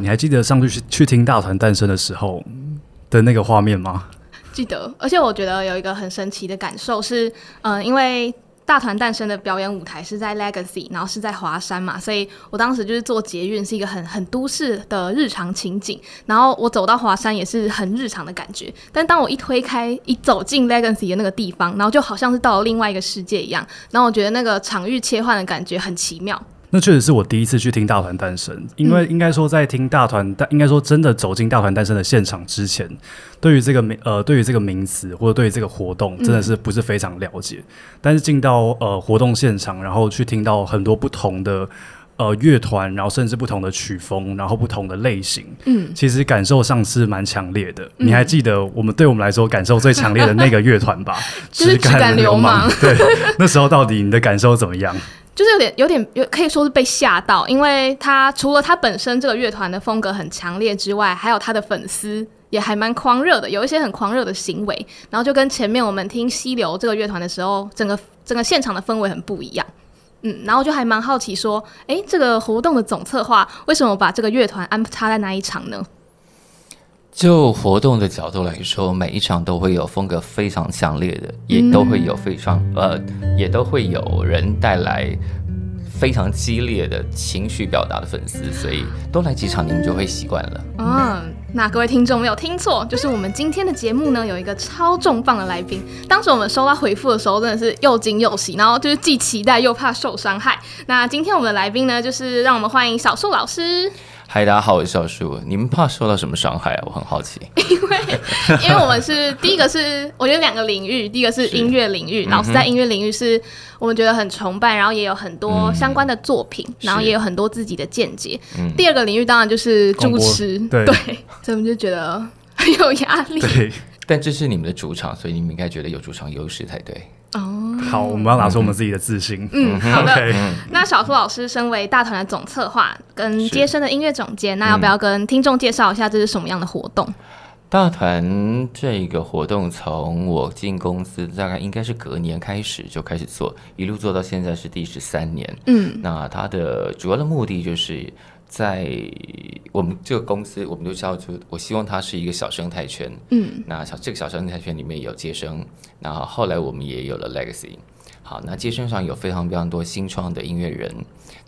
你還記得上次去去聽大團誕生的時候的那個畫面嗎？記得，而且我覺得有一個很神奇的感受是，嗯、呃，因為大團誕生的表演舞台是在 Legacy，然後是在華山嘛，所以我當時就是坐捷運，是一個很很都市的日常情景，然後我走到華山也是很日常的感覺，但當我一推開一走進 Legacy 的那個地方，然後就好像是到了另外一個世界一樣，然後我覺得那個場域切換的感覺很奇妙。那確實是我第一次去聽大團誕生，因為應該說在聽大團，但、嗯、應該說真的走進大團誕生的現場之前，對於這個名呃，對於這個名詞或者對於這個活動，嗯、真的是不是非常了解。但是進到呃活動現場，然後去聽到很多不同的呃樂團，然後甚至不同的曲風，然後不同的類型，嗯，其實感受上是蠻強烈的。嗯、你還記得我們對我們來說感受最強烈的那個樂團吧？就是呵直感流氓，直感流氓。對， 那時候到底你的感受怎麼樣？就是有點有點有，可以說是被嚇到，因為他除了他本身這個樂團的風格很強烈之外，還有他的粉絲也還蠻狂熱的，有一些很狂熱的行為，然後就跟前面我們聽溪流這個樂團的時候，整個整個現場的氛圍很不一樣，嗯，然後就還蠻好奇說，哎、欸，這個活動的總策劃為什麼我把這個樂團安插在那一場呢？就活動的角度來說，每一場都會有風格非常強烈的，也都會有非常、嗯、呃，也都會有人帶來非常激烈的情緒表達的粉絲，所以多來幾場你們就會習慣了。嗯，嗯、哦，那各位聽眾沒有聽錯，就是我們今天的節目呢，有一個超重磅的來賓。當時我們收到回復的時候，真的是又驚又喜，然後就是既期待又怕受傷害。那今天我們的來賓呢，就是讓我們歡迎小樹老師。嗨，大家好，我是小樹。你們怕受到什麼傷害啊？我很好奇。因為，因為我們是 第一個是，我有兩個領域，第一個是音樂領域，是老師在音樂領域是、嗯、哼我們覺得很崇拜，然後也有很多相關的作品，嗯、然後也有很多自己的見解。嗯、第二個領域當然就是主持，對，所以我們就覺得很有壓力。對，但這是你們的主場，所以你們應該覺得有主場優勢才對。哦。好，我們要拿出我們自己的自信。嗯，哼嗯，好的。 那小樹老師，身為大團的總策劃，跟接生的音樂總監，是那要不要跟聽眾介紹一下這是什麼樣的活動？嗯、大團這個活動，從我進公司大概應該是隔年開始就開始做，一路做到現在是第十三年。嗯，那它的主要的目的就是。在我們這個公司，我們就叫做，我希望它是一個小生態圈。嗯，那小這個小生態圈裡面有街聲，然後後來我們也有了 Legacy。好，那街聲上有非常非常多新創的音樂人。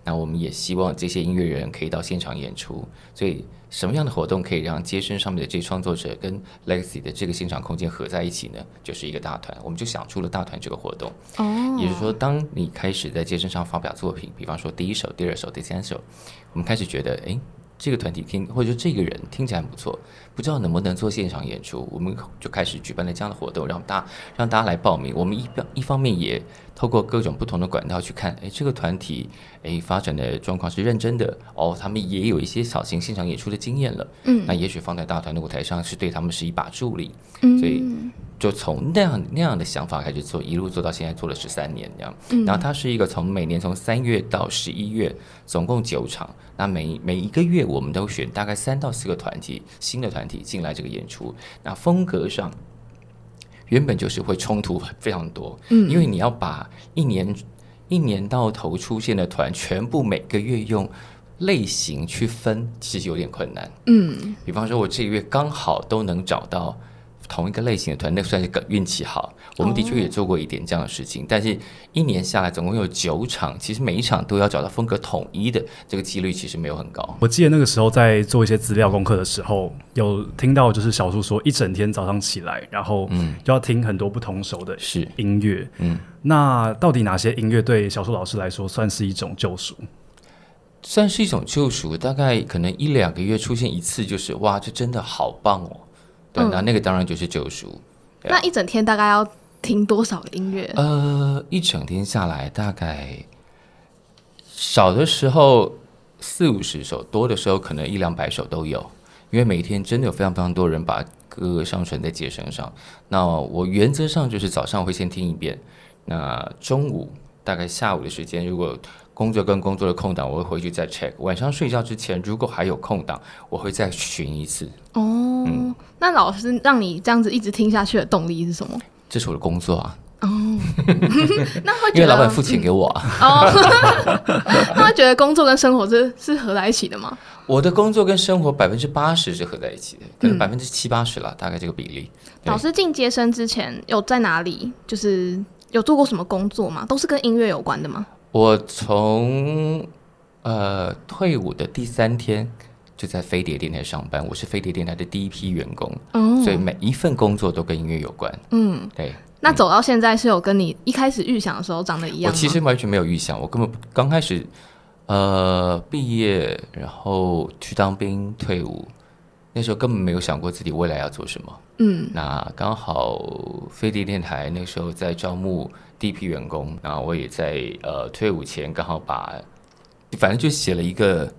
那我們也希望這些音樂人可以到現場演出，所以什麼樣的活動可以讓街聲上面的這些創作者跟 Legacy 的這個現場空間合在一起呢？就是一個大團，我們就想出了大團這個活動。哦，也就是說，當你開始在街聲上發表作品，比方說第一首、第二首、第三首，我們開始覺得，誒，這個團體聽或者說這個人聽起來不錯，不知道能不能做現場演出，我們就開始舉辦了這樣的活動，讓大讓大家來報名。我們一邊一方面也。透過各種不同的管道去看，誒，這個團體，誒，發展的狀況是認真的。哦，他們也有一些小型現場演出的經驗了。嗯，那也許放在大，大團的舞台上，是對他們是一把助力。嗯，所以就從那樣那樣的想法開始做，一路做到現在做了十三年這樣。然後它是一個從每年從三月到十一月，總共九場。那每每一個月，我們都選大概三到四個團體，新的團體進來這個演出。那風格上。原本就是會衝突非常多，嗯，因為你要把一年一年到頭出現的團全部每個月用類型去分，其實有點困難，嗯，比方說，我這個月剛好都能找到，同一個類型的團，隊，算是個運氣好。我們的確也做過一點這樣的事情，oh. 但是一年下來總共有九場，其實每一場都要找到風格統一的，這個幾率其實沒有很高。我記得那個時候在做一些資料功課的時候，嗯、有聽到就是小樹說，一整天早上起來，然後嗯，就要聽很多不同手的音樂，是嗯，那到底哪些音樂對小樹老師來說算是一種救贖？算是一種救贖，大概可能一兩個月出現一次，就是，就是哇，這真的好棒哦。那、嗯、那個當然就是救贖、嗯。Yeah 那一整天大概要聽多少音樂？呃，uh, 一整天下來，大概少的時候四五十首，多的時候可能一兩百首都有。因為每一天真的有非常非常多人把歌上傳在街聲上。那我原則上就是早上會先聽一遍，那中午大概下午的時間，如果工作跟工作的空檔，我會回去再 check。晚上睡覺之前，如果還有空檔，我會再尋一次。哦，嗯那老師讓你這樣子一直聽下去的動力是什麼？這是我的工作啊。哦、oh, 那會因為老闆付錢給我啊。哦，那會覺得工作跟生活是，是合在一起的嗎？我的工作跟生活百分之八十是合在一起的，可能百分之七八十啦。嗯、大概這個比例。老師進階生之前有在哪裡，就是有做過什麼工作嗎？都是跟音樂有關的嗎？我從呃退伍的第三天。就在飛碟電台上班，我是飛碟電台的第一批員工，嗯、所以每一份工作都跟音樂有關。嗯，對。那走到現在是有跟你一開始預想的時候長得一樣嗎？我其實完全沒有預想，我根本剛開始，呃，畢業然後去當兵退伍，那時候根本沒有想過自己未來要做什麼。嗯，那剛好飛碟電台那時候在招募第一批員工，然後我也在呃退伍前剛好把，反正就寫了一個。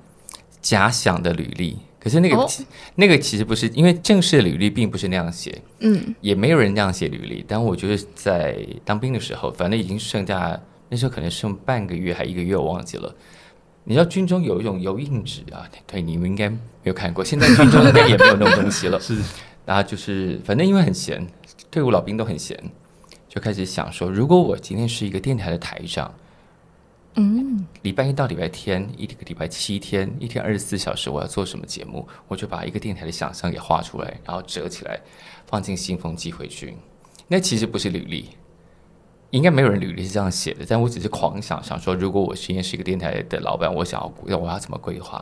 假想的履歷，可是那個、哦、那個其實不是，因為正式的履歷並不是那樣寫，嗯，也沒有人那樣寫履歷。但我覺得在當兵的時候，反正已經剩下那時候可能剩半個月還一個月，我忘記了。你知道軍中有一種油印紙啊，對你們應該沒有看過，現在軍中應該也沒有那種東西了。 是，然後就是反正因為很閒，退伍老兵都很閒，就開始想說，如果我今天是一個電台的台長。嗯，禮拜一到禮拜天，一個禮拜七天，一天二十四小時，我要做什麼節目？我就把一個電台的想象給畫出來，然後折起來，放進信封寄回去。那其實不是履歷，應該沒有人履歷是這樣寫的。但我只是狂想想說，如果我今天是一個電台的老闆，我想要我要怎麼規劃？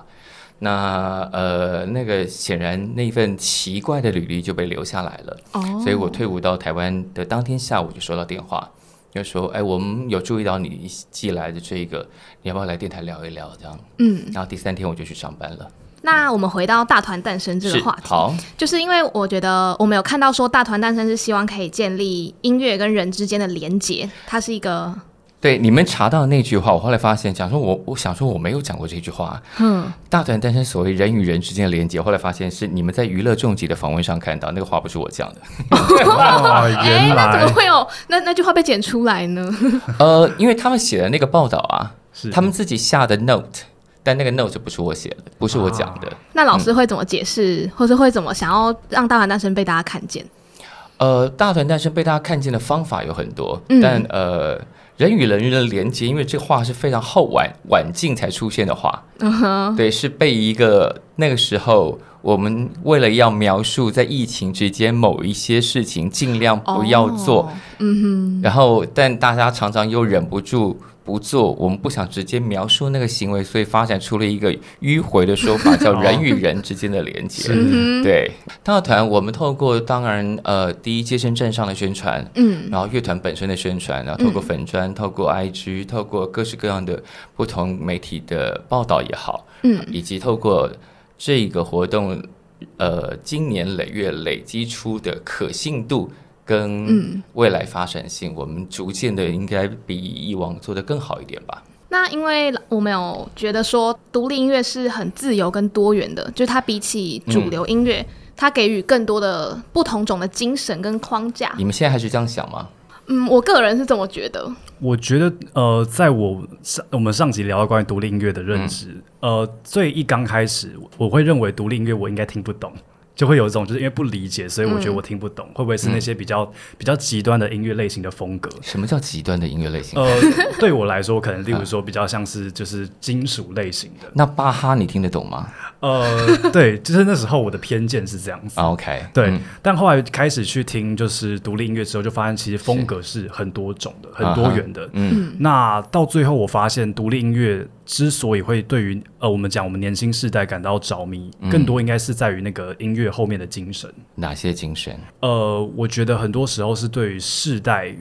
那呃，那個顯然那一份奇怪的履歷就被留下來了。哦，所以我退伍到台灣的當天下午就收到電話。就說：“哎，欸，我們有注意到你寄來的這個，你要不要來電台聊一聊？這樣，嗯，然後第三天我就去上班了。那我們回到大團誕生這個話題，好，就是因為我覺得我們有看到說大團誕生是希望可以建立音樂跟人之間的連接，它是一個。”對你們查到的那句話，我後來發現，假如說我我想說我沒有講過這句話。嗯，大團誕生所謂人與人之間的連接，後來發現是你們在娛樂重擊的訪問上看到那個話不是我講的。原來、欸、那怎麼會有那那句話被剪出來呢？ 呃，因為他們寫的那個報道啊，他們自己下的 note，但那個 note 不是我寫的，不是我講的。啊嗯、那老師會怎麼解釋，或者會怎麼想要讓大團誕生被大家看見？呃，大團誕生被大家看見的方法有很多，嗯、但呃。人與人，人的連接，因為這個話，是非常後晚晚近才出現的話，uh huh. 對，是被一個那個時候。我們為了要描述在疫情之間某一些事情，儘量不要做，哦嗯、然後，但大家常常又忍不住不做。我們不想直接描述那個行為，所以發展出了一個迂回的說法，哦、叫“人與人之間的連接”哦。是對，大團，我們透過當然，呃，第一，街聲站上的宣傳，嗯，然後樂團本身的宣傳，然後透過粉專，透過 IG，透過各式各樣的不同媒體的報道也好，嗯、以及透過。這個活動，呃，經年累月累積出的可信度跟未來發展性，嗯、我們逐漸的應該比以往做的更好一點吧。那因為我們有覺得說，獨立音樂是很自由跟多元的，就它比起主流音樂，它給予更多的不同種的精神跟框架。你們現在還是這樣想嗎？嗯，我個人是這麼覺得。我覺得，呃，在我上我們上集聊到關於獨立音樂的認知，嗯、呃，最一剛開始我，我會認為獨立音樂我應該聽不懂，就會有一種就是因為不理解，所以我覺得我聽不懂。嗯、會不會是那些比較、嗯、比較極端的音樂類型的風格？什麼叫極端的音樂類型？呃，對我來說，可能例如說比較像是就是金屬類型的。 啊、那巴哈，你聽得懂嗎？ 呃，對，就是那時候我的偏見是這樣子。OK，、嗯、對。但後來開始去聽就是獨立音樂之後，就發現其實風格是很多種的，是很多元的。Uh-huh, 嗯，那到最後我發現，獨立音樂之所以會對於呃，我們講我們年輕世代感到着迷，嗯、更多應該是在於那個音樂後面的精神。哪些精神？呃，我覺得很多時候是對於世代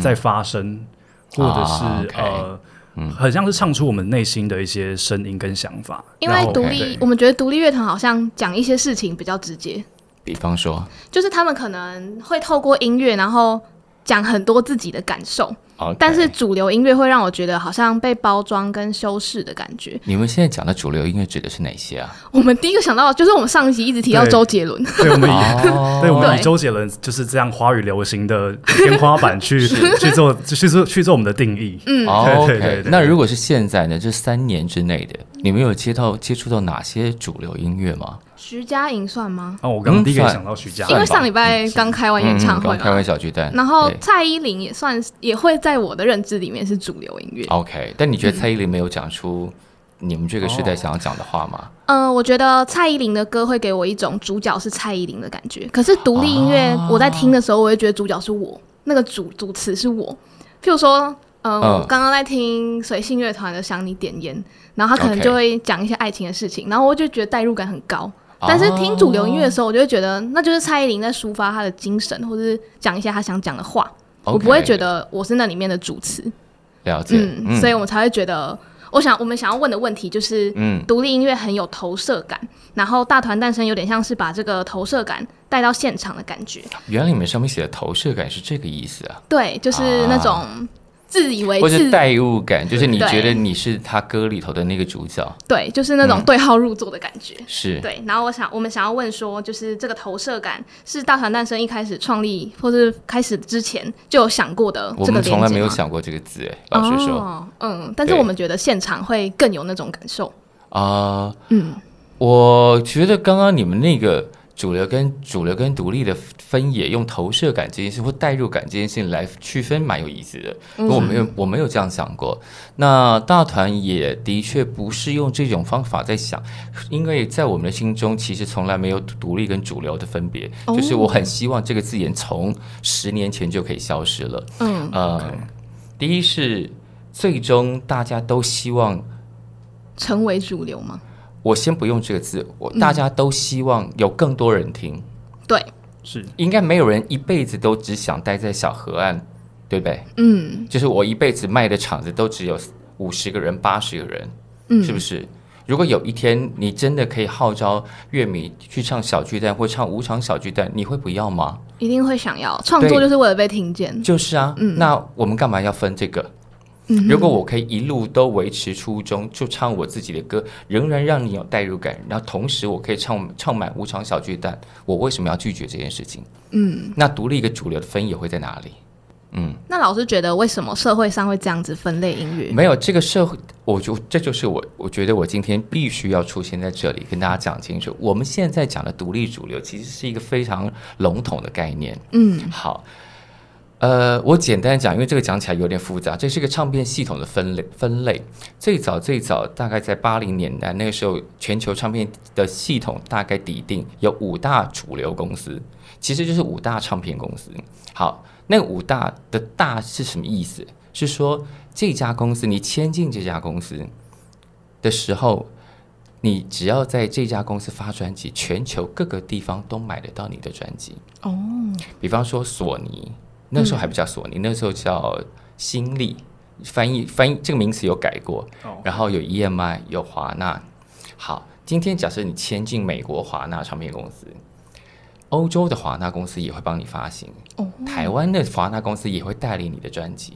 在發生，嗯、或者是、oh, okay. 呃。嗯，很像是唱出我們內心的一些聲音跟想法。嗯、後因為獨立，對我們覺得獨立樂團好像講一些事情比較直接。比方說，就是他們可能會透過音樂，然後講很多自己的感受。但是主流音樂會讓我覺得好像被包裝跟修飾的感覺。你們現在講的主流音樂指的是哪些啊？我們第一個想到就是我們上一集一直提到周杰倫，對，我們以對，我們以周杰倫就是這樣華語流行的天花板去去做去做去做我們的定義。嗯，OK。那如果是現在呢？這三年之內的，你們有接到接觸到哪些主流音樂嗎？徐佳瑩算嗎？啊，我剛剛第一個想到徐佳瑩，因為上禮拜剛開完演唱會，開完小巨蛋，然後蔡依林也算也會。在我的認知裡面是主流音樂，OK。但你覺得蔡依林沒有講出、嗯、你們這個時代想要講的話嗎？嗯、哦呃，我覺得蔡依林的歌會給我一種主角是蔡依林的感覺。可是獨立音樂，我在聽的時候，我會覺得主角是我，哦、那個主主詞是我。譬如說，呃，我剛剛、哦、在聽隨性樂團的《想你點菸》，然後他可能就會講一些愛情的事情，哦、然後我就覺得代入感很高。但是聽主流音樂的時候，我就覺得那就是蔡依林在抒發他的精神，或者是講一下他想講的話。Okay, okay. 我不會覺得我是那裡面的主持，了解，嗯，嗯，所以我們才會覺得，我想我們想要問的問題就是，嗯，獨立音樂很有投射感，然後大團誕生有點像是把這個投射感帶到現場的感覺。原來你們上面寫的投射感是這個意思啊？對，就是那種。啊自以為，或是代入感，對就是你覺得你是他歌裡頭的那個主角，對，就是那種對號入座的感覺，嗯、是對。然後我想，我們想要問說，就是這個投射感是大團誕生一開始創立或是開始之前就有想過的？我們從來沒有想過這個字、欸，老實說、哦，嗯，但是對我們覺得現場會更有那種感受啊。呃、嗯，我覺得剛剛你們那個。主流跟主流跟獨立的分野，用投射感這件事或代入感這件事來區分，蠻有意思的。嗯、我沒有我沒有這樣想過。那大團也的確不是用這種方法在想，因為在我們的心中，其實從來沒有獨立跟主流的分別。哦、就是我很希望這個字眼從十年前就可以消失了。嗯，呃，okay 第一是最終大家都希望成為主流嗎？我先不用這個字，我大家都希望有更多人聽，嗯、對，是應該沒有人一輩子都只想待在小河岸，對不對？嗯，就是我一輩子賣的場子都只有五十個人，八十個人，嗯，是不是？如果有一天你真的可以號召樂迷去唱小巨蛋或唱五場小巨蛋，你會不要嗎？一定會想要，創作就是為了被聽見，就是啊，嗯，那我們幹嘛要分這個？如果我可以一路都維持初衷，就唱我自己的歌，仍然讓你有代入感，然後同時我可以唱唱滿五場小巨蛋。我為什麼要拒絕這件事情？嗯，那獨立一個主流的分野會在哪裡？嗯，那老師覺得為什麼社會上會這樣子分類音樂？嗯，沒有這個社會，我就這就是我，我覺得我今天必須要出現在這裡，跟大家講清楚，我們現在講的獨立主流其實是一個非常籠統的概念。嗯，好。呃，uh, 我簡單講，因為這個講起來有點複雜。這是一個唱片系統的分類。分類最早最早，大概在八零年代，那個時候全球唱片的系統大概底定有五大主流公司，其實就是五大唱片公司。好，那五大的大是什麼意思？是說這家公司，你簽進這家公司的時候，你只要在這家公司發專輯，全球各個地方都買得到你的專輯。哦，oh. 比方說索尼。那時候還不叫索尼，嗯、你那時候叫新力。翻譯翻譯這個名詞有改過，哦、然後有 EMI，有華納。好，今天假設你簽進美國華納唱片公司，歐洲的華納公司也會幫你發行，哦嗯、台灣的華納公司也會代理你的專輯，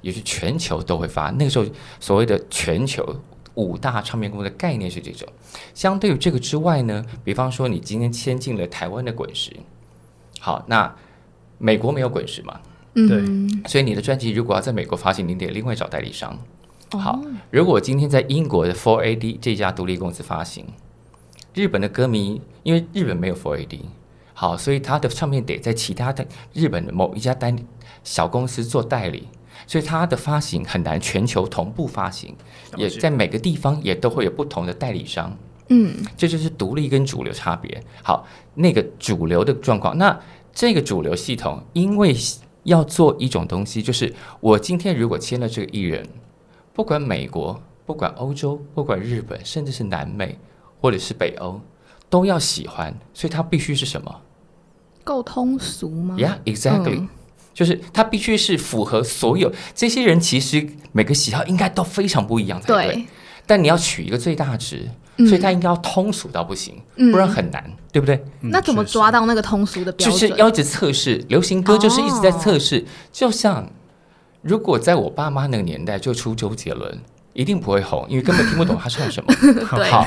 也是全球都會發。那個時候所謂的全球五大唱片公司的概念是這種。相對於這個之外呢，比方說你今天簽進了台灣的滾石，好，那。美國沒有滾石嘛？嗯，對。所以你的專輯如果要在美國發行，你得另外找代理商。哦、好，如果今天在英國的 Four AD 這家獨立公司發行，日本的歌迷因為日本沒有 Four AD，好，所以他的唱片得在其他的日本的某一家單小公司做代理，所以他的發行很難全球同步發行，也在每個地方也都會有不同的代理商。嗯，這就是獨立跟主流差別。好，那個主流的狀況那。這個主流系統，因為要做一種東西，就是我今天如果簽了這個藝人，不管美國、不管歐洲、不管日本，甚至是南美或者是北歐，都要喜歡，所以它必須是什麼？夠通俗嗎？Yeah, exactly，嗯，就是他必須是符合所有這些人，其實每個喜好應該都非常不一樣才對，對，但你要取一個最大值。所以它應該要通俗到不行，嗯、不然很難，嗯、對不對？那怎麼抓到那個通俗的標準？就是要一直測試，流行歌就是一直在測試。哦、就像如果在我爸媽那個年代就出周杰倫，一定不會紅，因為根本聽不懂他唱什麼，好 對好？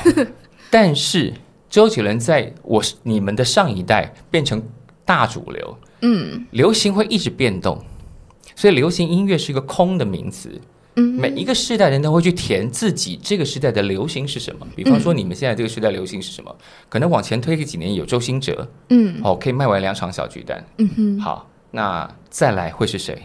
但是周杰倫在我你們的上一代變成大主流，嗯，流行會一直變動，所以流行音樂是一個空的名詞。每一個世代人都會去填自己這個時代的流行是什麼，比方說你們現在這個時代流行是什麼？嗯、可能往前推個幾年有周興哲，嗯，哦，可以賣完兩場小巨蛋，嗯哼，好，那再來會是誰？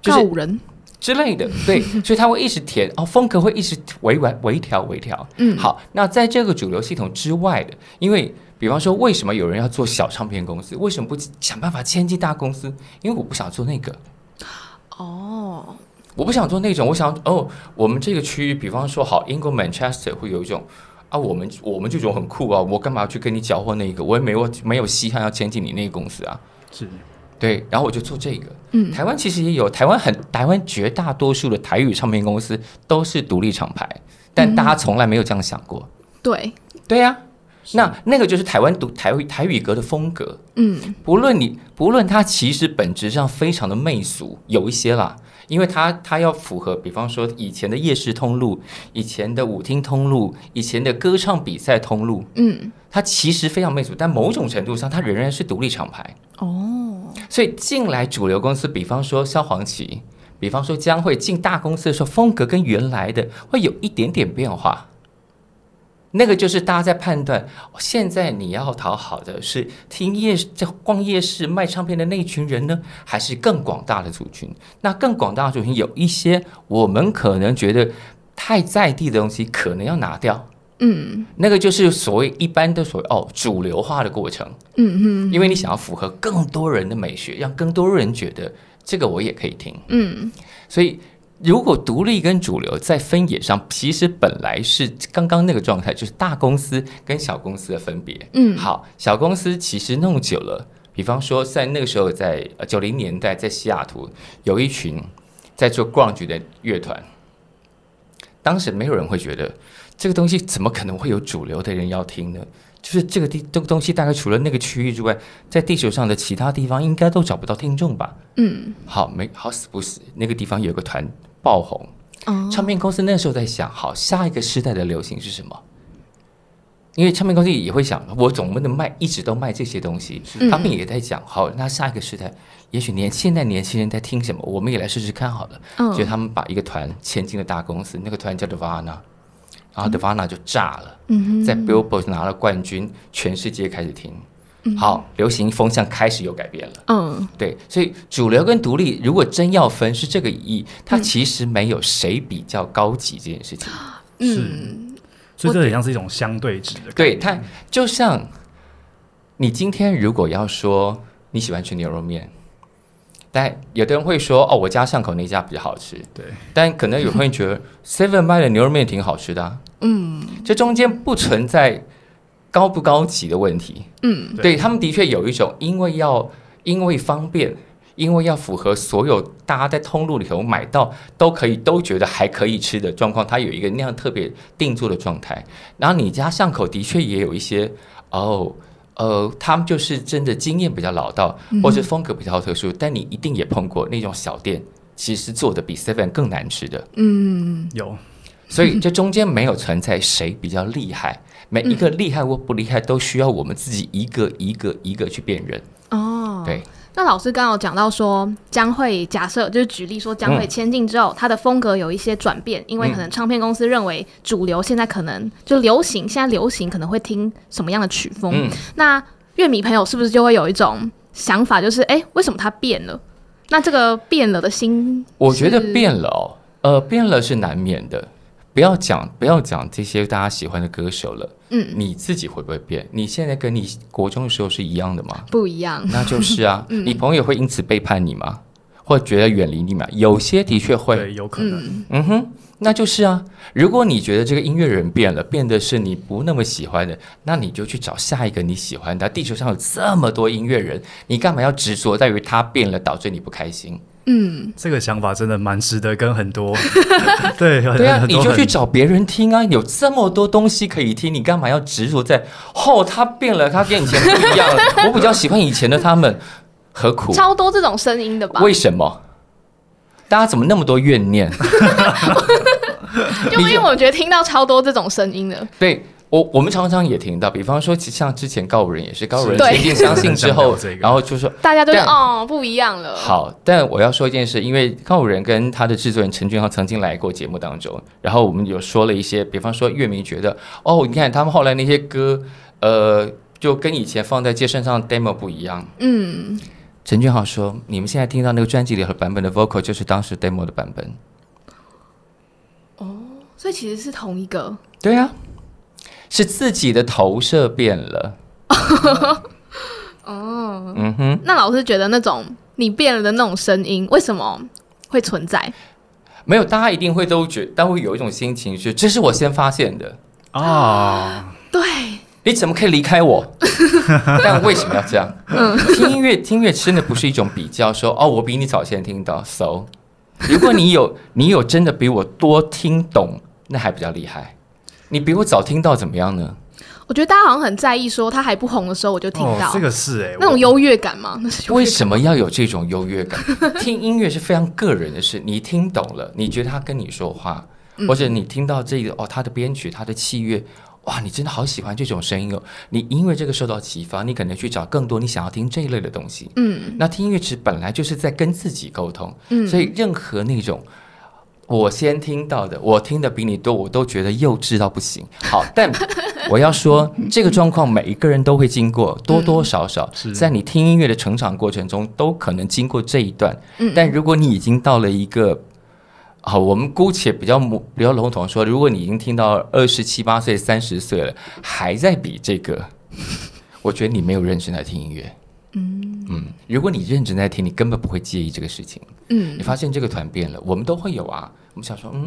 就是人之類的，對， 所以他會一直填，哦，風格會一直微微微調微調，微調微調嗯，好，那在這個主流系統之外的，因為比方說為什麼有人要做小唱片公司？為什麼不想辦法簽進大公司？因為我不想做那個，哦。我不想做那種，我想哦，我們這個區域，比方說好，英國 Manchester 會有一種啊，我們我們這種很酷啊，我幹嘛去跟你攪和那個？我也沒有沒有稀罕要簽進你那個公司啊。是，對，然後我就做這個。嗯，台灣其實也有，台灣很台灣絕大多數的台語唱片公司都是獨立廠牌，但大家從來沒有這樣想過。嗯、對，對呀、啊，是那那個就是台灣獨台台語歌的風格。嗯不，不論你不論它，其實本質上非常的媚俗，有一些啦。因為它它要符合，比方說以前的夜市通路，以前的舞廳通路，以前的歌唱比賽通路，嗯，它其實非常媚俗，但某種程度上它仍然是獨立廠牌。哦，所以進來主流公司，比方說蕭煌奇，比方說江蕙進大公司的時候，風格跟原來的會有一點點變化。那個就是大家在判斷，現在你要討好的是聽夜在逛夜市賣唱片的那一群人呢，還是更廣大的族群？那更廣大的族群有一些我們可能覺得太在地的東西，可能要拿掉。嗯，那個就是所謂一般的所謂哦主流化的過程。嗯嗯，因為你想要符合更多人的美學，讓更多人覺得這個我也可以聽。嗯，所以。如果獨立跟主流在分野上，其實本來是剛剛那個狀態，就是大公司跟小公司的分別。嗯，好，小公司其實弄久了，比方說在那個時候在，在九零年代，在西雅圖有一群在做逛 r 的樂團，當時沒有人會覺得這個東西怎麼可能會有主流的人要聽呢？就是這個地這個東西，大概除了那個區域之外，在地球上的其他地方應該都找不到聽眾吧？嗯，好，沒好死不死，那個地方有個團。爆紅，唱片公司那時候在想：好，下一個時代的流行是什麼？因為唱片公司也會想，我總不能賣一直都賣這些東西。他們是也在講：嗯、好，那下一個時代，也許年現在年輕人在聽什麼？我們也來試試看好了。所以、哦、他們把一個團簽進了大公司，那個團叫 Nirvana，然後 Nirvana 就炸了，嗯、在 Billboard 拿了冠軍，全世界開始聽。嗯、好，流行風向開始有改變了。嗯，對，所以主流跟獨立，如果真要分，是這個意義，嗯、它其實沒有誰比較高級這件事情。嗯，是嗯所以這很像是一種相對值的。對，它就像你今天如果要說你喜歡吃牛肉麵，嗯、但有的人會說哦，我家巷口那一家比較好吃。對，但可能有朋友覺得 seven 賣的牛肉麵挺好吃的啊。嗯，這中間不存在高不高級的問題，嗯，對，對他們的確有一種因為要因為方便，因為要符合所有大家在通路裡頭買到都可以都覺得還可以吃的狀況，它有一個那樣特別定做的狀態。然後你家巷口的確也有一些，哦，呃，他們就是真的經驗比較老道，或是風格比較特殊，嗯、哼但你一定也碰過那種小店，其實做的比 seven 更難吃的。嗯，有，所以這中間沒有存在誰比較厲害。 每一個厲害或不厲害，嗯、都需要我們自己一個一個一個去辨認。哦，對。那老師剛剛有講到說，將會假設就是舉例說，將會前進之後，嗯、他的風格有一些轉變，因為可能唱片公司認為主流現在可能就流行，嗯、現在流行可能會聽什麼樣的曲風？嗯、那樂迷朋友是不是就會有一種想法，就是哎、欸，為什麼他變了？那這個變了的心，我覺得變了哦，呃，變了是難免的。不要講，不要講這些大家喜歡的歌手了。嗯，你自己會不會變？你現在跟你國中的時候是一樣的嗎？不一樣。那就是啊，嗯，你朋友會因此背叛你嗎？或者覺得遠離你嗎？有些的確會。對，有可能。嗯哼，那就是啊。如果你覺得這個音樂人變了，變的是你不那麼喜歡的，那你就去找下一個你喜歡的。地球上有這麼多音樂人，你幹嘛要執着在於他變了，導致你不開心？嗯，這個想法真的蠻值得跟很多對 對啊，很多你就去找別人聽啊！ 有這麼多東西可以聽，你干嘛要執着在？哦、oh，他變了，他跟以前不一樣了。我比較喜歡以前的他們， 何苦？超多這種聲音的吧？為什麼？大家怎麼那麼多怨念？ 就因為我覺得聽到超多這種聲音的。對。我我們常常也聽到，比方說，其實像之前告五人也是告五人決定相信之後，對然後就說 大家都說哦不一樣了。好，但我要說一件事，因為告五人跟他的製作人陳俊豪曾經來過節目當中，然後我們有說了一些，比方說樂迷覺得哦，你看他們後來那些歌，呃，就跟以前放在街聲上 demo 不一樣。嗯，陳俊豪說，你們現在聽到那個專輯裡和版本的 vocal 就是當時 demo 的版本。哦，所以其實是同一個。對呀、啊。是自己的投射變了，哦，嗯哼，那老師覺得那種你變了的那種聲音為什麼會存在？沒有，大家一定會都覺得，但會有一種心情是，是這是我先發現的啊。對，你怎麼可以離開我？但為什麼要這樣？嗯，聽音樂聽音樂，真的不是一種比較說，說哦，我比你早先聽到。So，如果你有你有真的比我多聽懂，那還比較厲害。你比我早聽到怎麼樣呢？我覺得大家好像很在意，說他還不紅的時候我就聽到，哦、這個是誒、欸、那種優越感嗎？那是優越感嗎？為什麼要有這種優越感？ 聽音樂是非常個人的事，你聽懂了，你覺得他跟你說話，嗯、或者你聽到這個哦，他的編曲，他的器樂，哇，你真的好喜歡這種聲音哦！你因為這個受到啟發，你可能去找更多你想要聽這一類的東西。嗯，那聽音樂其實本來就是在跟自己溝通，嗯，所以任何那種。我先聽到的，我聽的比你多，我都覺得幼稚到不行。好，但我要說， 這個狀況每一個人都會經過，多多少少，嗯、在你聽音樂的成長過程中都可能經過這一段。但如果你已經到了一個，啊，我們姑且比較模比較籠統說，如果你已經聽到二十七八歲、三十歲了，還在比這個，我覺得你沒有認真在聽音樂。嗯嗯，如果你認真在聽，你根本不會介意這個事情。嗯，你發現這個團變了，我們都會有啊。我們想說，嗯，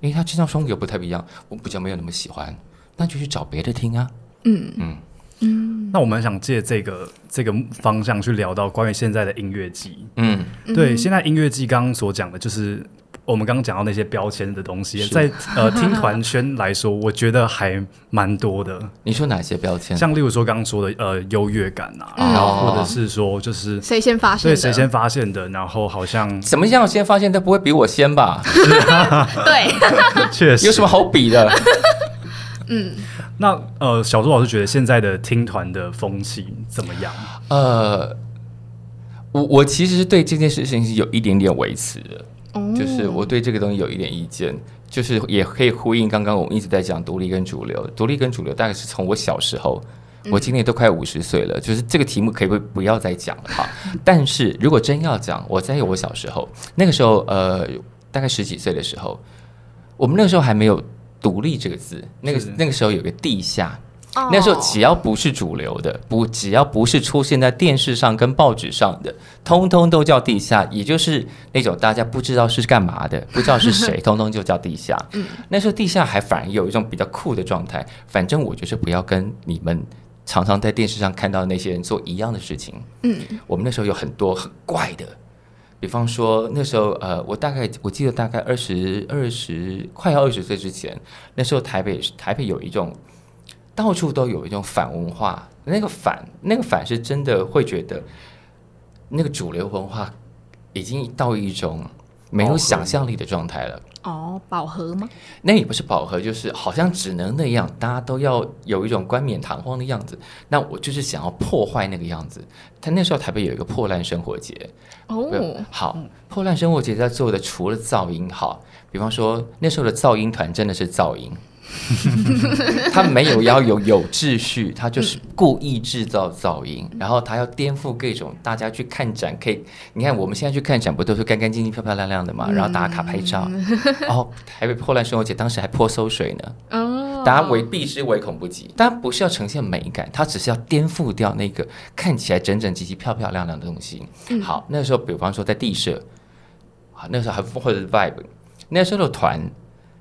因為他這張風格不太不一樣，我比較沒有那麼喜歡，那就去找別的聽啊。嗯嗯。嗯嗯，那我們想借這個這個方向去聊到關於現在的音樂季。嗯，對，現在音樂季剛剛所講的就是我們剛剛講到那些標籤的東西，在呃聽團圈來說，我覺得還蠻多的。你說哪些標籤？像例如說剛剛說的呃優越感啊，然後或者是說就是誰先發現，對，誰先發現的，然後好像什麼樣先發現都不會比我先吧？對，確實有什麼好比的？嗯，那呃，小樹老師覺得現在的聽團的風氣怎麼樣？呃，我我其實對這件事情是有一點點維持的，哦、就是我對這個東西有一點意見，就是也可以呼應剛剛我們一直在講獨立跟主流，獨立跟主流大概是從我小時候，我今年都快五十歲了，嗯、就是這個題目可以不不要再講了哈。但是如果真要講，我在意我小時候那個時候，呃，大概十幾歲的時候，我們那個時候還沒有。獨立這個字，那個那個時候有個地下，嗯、那時候只要不是主流的，不，只要不是出現在電視上跟報紙上的，通通都叫地下，也就是那種大家不知道是幹嘛的， 不知道是誰，通通就叫地下。嗯、那時候地下還反而有一種比較酷的狀態，反正我就是不要跟你們常常在電視上看到的那些人做一樣的事情。嗯，我們那時候有很多很怪的。比方說，那時候，呃，我大概我記得大概二十、二十快要二十歲之前，那時候台北台北有一種到處都有一種反文化，那個反那個反是真的會覺得那個主流文化已經到一種。沒有想象力的狀態了。哦，飽和嗎？那也不是飽和，就是好像只能那樣，大家都要有一種冠冕堂皇的樣子。那我就是想要破壞那個樣子。他那時候台北有一個破爛生活節。哦，好，嗯，破爛生活節在做的除了噪音，好，比方說那時候的噪音團真的是噪音。他沒有要有有秩序，他就是故意製造噪音，然後他要顛覆各種大家去看展可以。你看我們現在去看展，不都是乾乾淨淨、漂漂亮亮的嘛？然後打卡拍照，然後還有破爛生活節當時還潑餿水呢。大家唯避之唯恐不及。但不是要呈現美感，他只是要顛覆掉那個看起來整整齊齊、漂漂亮亮的東西。好，那時候，比方說在地社，那時候還或者 vibe 那時候的團。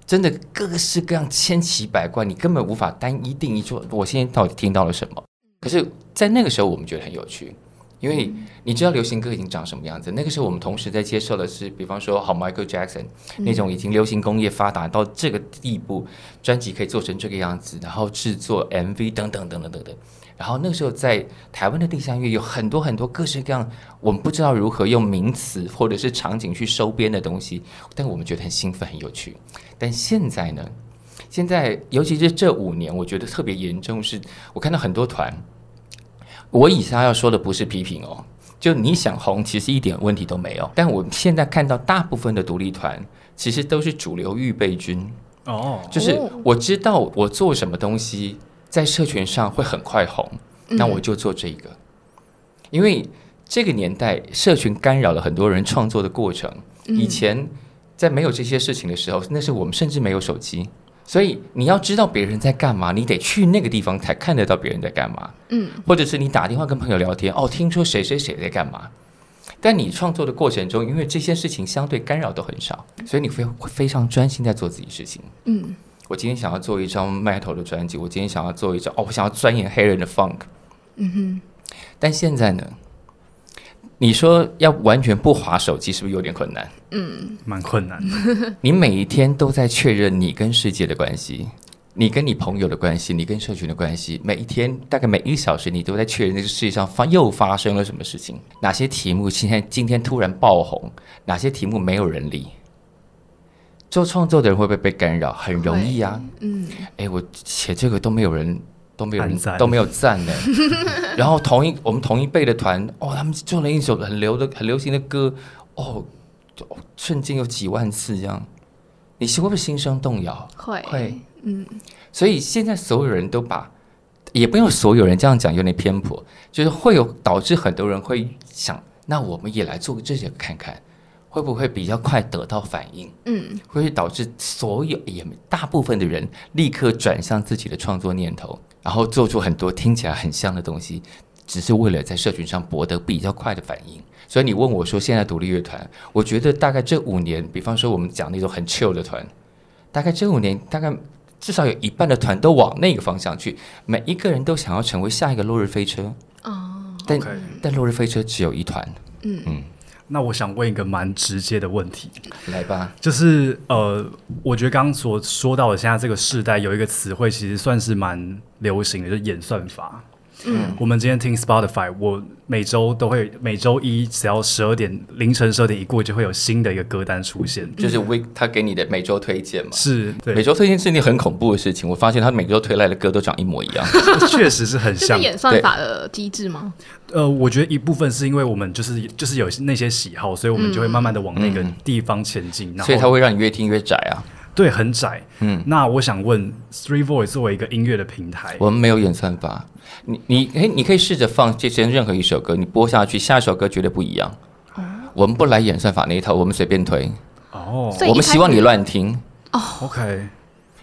真的各式各樣、千奇百怪，你根本無法單一定義說我現在到底聽到了什麼。可是，在那個時候，我們覺得很有趣，因為你知道流行歌已經長什麼樣子。嗯、那個時候，我們同時在接受的是，比方說，好 Michael Jackson 那種已經流行工業發達到這個地步，專輯、嗯、可以做成這個樣子，然後制作 MV 等等等等等等。然後那個時候，在台灣的地下樂有很多很多各式各樣，我們不知道如何用名詞或者是場景去收編的東西，但我們覺得很興奮、很有趣。但現在呢？現在尤其是這五年，我覺得特別嚴重是。是我看到很多團，我以上要說的不是批評哦，就你想紅，其實一點問題都沒有。但我現在看到大部分的獨立團，其實都是主流預備軍哦，Oh. 就是我知道我做什麼東西。在社群上會很快紅，那我就做這個，嗯、因為這個年代社群干擾了很多人創作的過程。嗯、以前在沒有這些事情的時候，那是我們甚至沒有手機，所以你要知道別人在幹嘛，你得去那個地方才看得到別人在幹嘛。嗯，或者是你打電話跟朋友聊天，哦，聽說誰誰誰在幹嘛。但你創作的過程中，因為這些事情相對干擾都很少，所以你會非常專心在做自己事情。嗯。我今天想要做一張 metal 的專輯，我今天想要做一張哦，我想要鑽研黑人的 funk。嗯哼，但現在呢？你說要完全不滑手機，是不是有點困難？嗯，蠻困難的。 你每一天都在確認你跟世界的關係，你跟你朋友的關係，你跟社群的關係，每一天大概每一小時，你都在確認這個世界上發又發生了什麼事情？哪些題目今天今天突然爆紅？哪些題目沒有人理？做創作的人會不會被干擾？很容易啊。嗯。哎、欸，我寫這個都沒有人，都沒有人，讚都沒有讚的、欸。 然後同一我們同一輩的團，哦，他們做了一首很流的、很流行的歌，哦，瞬間有幾萬次這樣，你是會不會心生動搖？會會，會嗯。所以現在所有人都把，也不用所有人這樣講，有點偏頗，就是會有導致很多人會想，那我們也來做這些看看。會不會比較快得到反應？嗯，會會導致所有也大部分的人立刻轉向自己的創作念頭，然後做出很多聽起來很像的東西，只是為了在社群上博得比較快的反應？所以你問我說，現在獨立樂團，我覺得大概這五年，比方說我們講的那種很 chill 的團，大概這五年，大概至少有一半的團都往那個方向去，每一個人都想要成為下一個落日飛車。哦，但 okay 但落日飛車只有一團。嗯嗯。嗯那我想問一個蠻直接的問題，來吧，就是呃，我覺得剛剛所說到的現在這個世代有一個詞彙，其實算是蠻流行的，就演算法。嗯，我們今天聽 Spotify，我每周都會每周一只要十二點凌晨十二點一過，就會有新的一個歌單出現，就是 Week 他給你的每周推薦嘛。是，對每周推薦是一件很恐怖的事情。我發現他每周推來的歌都長一模一樣，確 實是很像。演算法的機制嗎？呃，我覺得一部分是因為我們就是就是有那些喜好，所以我們就會慢慢的往那個地方前進，嗯、然後所以它會讓你越聽越窄啊。對，很窄。嗯，那我想問，StreetVoice 作為一個音樂的平台，我們沒有演算法。你你誒，你可以試着放這些任何一首歌，你播下去，下一首歌絕對不一樣。啊、我們不來演算法那一套，我們隨便推。哦，我們希望你亂聽。哦，OK，